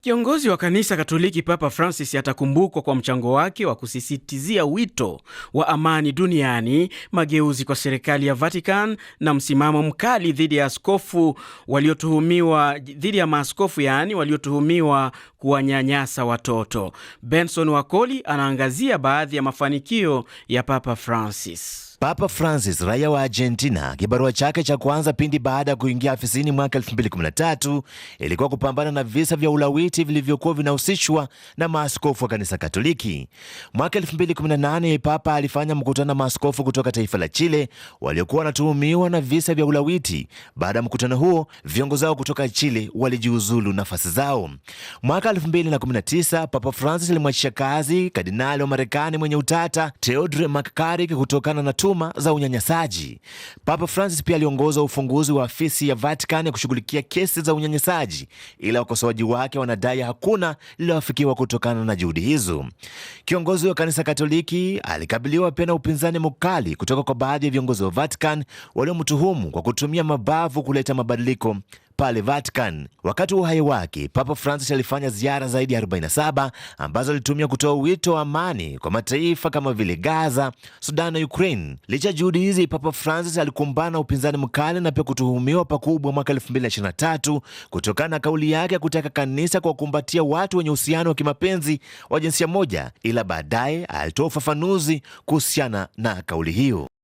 Kiongozi wa kanisa Katoliki Papa Francis atakumbukwa kwa mchango wake wa kusisitizia wito wa amani duniani, mageuzi kwa serikali ya Vatican na msimamo mkali dhidi ya askofu waliotuhumiwa dhidi ya maaskofu yaani waliotuhumiwa kuwanyanyasa watoto. Benson Wakoli anaangazia baadhi ya mafanikio ya Papa Francis. Papa Francis, raia wa Argentina, kibarua chake cha kwanza pindi baada ya kuingia afisini mwaka 2013 ilikuwa kupambana na visa vya ulawiti vilivyokuwa vinahusishwa na maaskofu wa kanisa Katoliki. Mwaka 2018 Papa alifanya mkutano na maaskofu kutoka taifa la Chile waliokuwa wanatuhumiwa na visa vya ulawiti. Baada ya mkutano huo, viongozi wao kutoka Chile walijiuzulu nafasi zao. Mwaka 2019 Papa Francis alimwachisha kazi kardinali wa Marekani mwenye utata Theodore McCarrick kutokana na tu shutuma za unyanyasaji. Papa Francis pia aliongoza ufunguzi wa afisi ya Vatican ya kushughulikia kesi za unyanyasaji, ila wakosoaji wake wanadai hakuna lililoafikiwa kutokana na juhudi hizo. Kiongozi wa kanisa Katoliki alikabiliwa pia na upinzani mkali kutoka kwa baadhi ya viongozi wa Vatican waliomtuhumu kwa kutumia mabavu kuleta mabadiliko pale Vatican. Wakati wa uhai wake, Papa Francis alifanya ziara zaidi ya 47 ambazo alitumia kutoa wito wa amani kwa mataifa kama vile Gaza, Sudan na Ukraine. Licha ya juhudi hizi, Papa Francis alikumbana na upinzani mkali na pia kutuhumiwa pakubwa mwaka 2023 kutokana na kauli yake ya kutaka kanisa kuwakumbatia watu wenye uhusiano wa kimapenzi wa jinsia moja, ila baadaye alitoa ufafanuzi kuhusiana na kauli hiyo.